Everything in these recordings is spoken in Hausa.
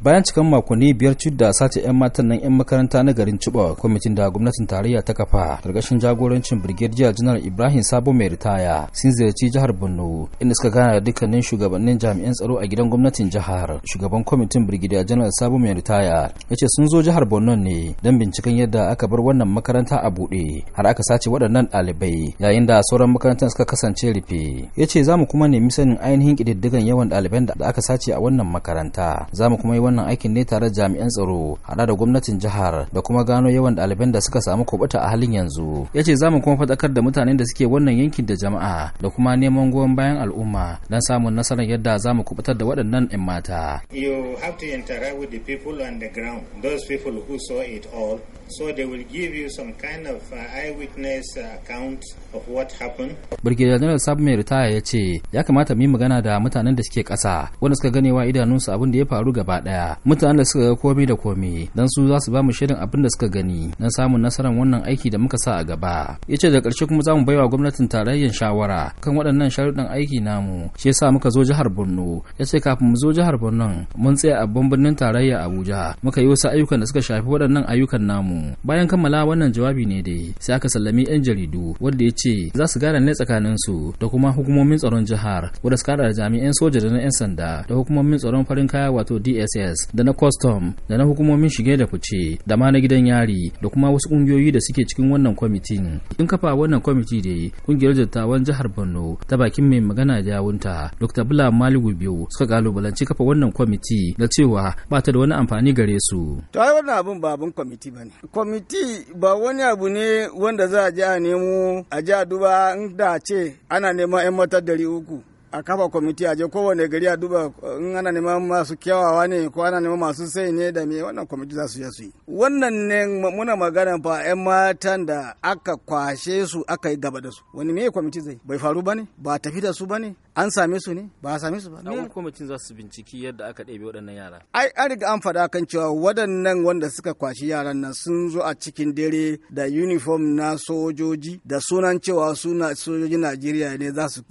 bayan cikan makonni biyar cud da sace 'yan matan nan 'yan makaranta na garin ciba kwamitin da gwamnatin tarayya ta kafa karkashin jagorancin brigadier general ibrahim sabo mai ritaya sun ziyarci jihar borno inda suka gana da dukkanin shugabannin jami'an tsaro a gidan gwamnatin jihar shugaban kwamitin brigadier general sabo mai ritaya ya ce sun zo jihar borno ne don binciken yadda aka bar wannan makaranta a buɗe har aka sace waɗannan ɗalibai yayin da sauran makarantar suka kasance rufe ya ce za mu kuma nemi sanin ainihin ƙididdigan yawan ɗaliban da aka sace a wannan makaranta za mu kuma yi wannan aikin ne tare da jami'an tsaro hada da gwamnatin jihar da kuma gano yawan ɗaliban da suka samu kubuta a halin yanzu ya ce kuma faɗakar da mutanen da suke wannan yankin da jama'a da kuma neman goyon bayan al'umma don samun nasarar yadda za mu kubutar da waɗannan 'yan mata. You have to interact with the people on the ground, those people who saw it all, so they will give you some kind of uh, eyewitness uh, account of what happened. Brigadier General Sabu mai ritaya ya ce, ya kamata mu yi magana da mutanen da suke ƙasa, wanda suka wa idanunsu abin da ya faru gaba ɗaya. baya mutanen da suka ga komai da komai dan su za su ba mu shirin abin da suka gani na samun nasarar wannan aiki da muka sa a gaba yace da ƙarshe kuma za mu baiwa gwamnatin tarayyar shawara kan waɗannan sharuɗan aiki namu shi yasa muka zo jihar Borno yace kafin mu zo jihar Borno mun tsaya a birnin tarayya Abuja muka yi wasu ayyukan da suka shafi waɗannan ayyukan namu bayan kammala wannan jawabi ne dai sai aka sallami 'yan jaridu wanda ya ce za su gane ne tsakanin su da kuma hukumomin tsaron jihar wanda su kara da jami'an soja da na 'yan sanda da hukumomin tsaron farin kaya wato DSS IRS da na custom da na hukumomin shige da fice da ma na gidan yari da kuma wasu kungiyoyi da suke cikin wannan kwamitin. in kafa wannan kwamiti da kungiyar dattawan jihar Borno ta bakin mai magana da yawunta Dr. Bula Maligu biyu suka kalubalanci kafa wannan kwamiti da cewa ba ta da wani amfani gare su. To ai wannan abun ba abun kwamiti bane. Kwamiti ba wani abu ne wanda za a je a nemo a ji a duba in da ce ana neman 'yan matar dari uku a kafa kwamiti a je kowane gari a duba in ana neman masu kyawawa ne ko ana neman masu sai ne da me wannan kwamiti za su je su yi wannan ne muna magana fa yan matan da aka kwashe su aka yi gaba da su wani me kwamiti zai bai faru bane ba tafi da su bane an same su ne ba a same su ba a kwamitin za su binciki yadda aka ɗebe waɗannan yara ai an riga an faɗa kan cewa waɗannan wanda suka kwashi yaran nan sun zo a cikin dare da uniform na sojoji da sunan cewa suna sojoji Najeriya ne za su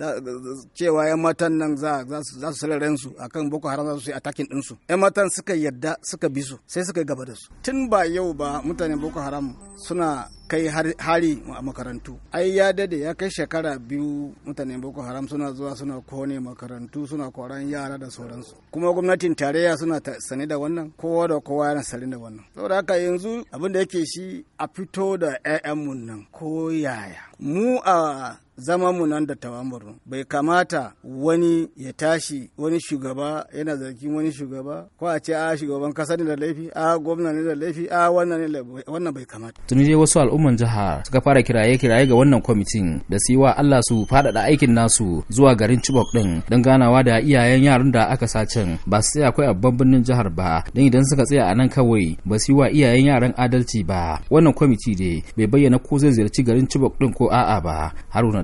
cewa yan matan nan za za su sararen su akan Boko Haram za su yi attacking din su yan matan suka yadda suka bi su sai suka gaba da su tun ba yau ba mutanen Boko Haram suna kai hari a makarantu ai ya dade ya kai shekara biyu mutane boko haram suna zuwa suna kone makarantu suna koran yara da sauransu kuma gwamnatin tarayya suna sane da wannan kowa da kowa yana sane da wannan saboda haka yanzu abin da yake shi a fito da 'ya'yanmu nan ko yaya mu a zama mu nan da tawan bai kamata wani ya tashi wani shugaba yana zargin wani shugaba ko a ce a shugaban kasa ne da laifi a gwamna ne da laifi a wannan ne wannan bai kamata tuni dai wasu al'umman jihar suka fara kiraye kiraye ga wannan kwamitin da su wa Allah su faɗaɗa aikin nasu zuwa garin Chibok ɗin don ganawa da iyayen yaran da aka sace ba su tsaya akwai babban birnin jihar ba don idan suka tsaya a nan kawai ba su yi wa iyayen yaran adalci ba wannan kwamiti dai bai bayyana ko zai ziyarci garin Chibok din ko a'a ba Haruna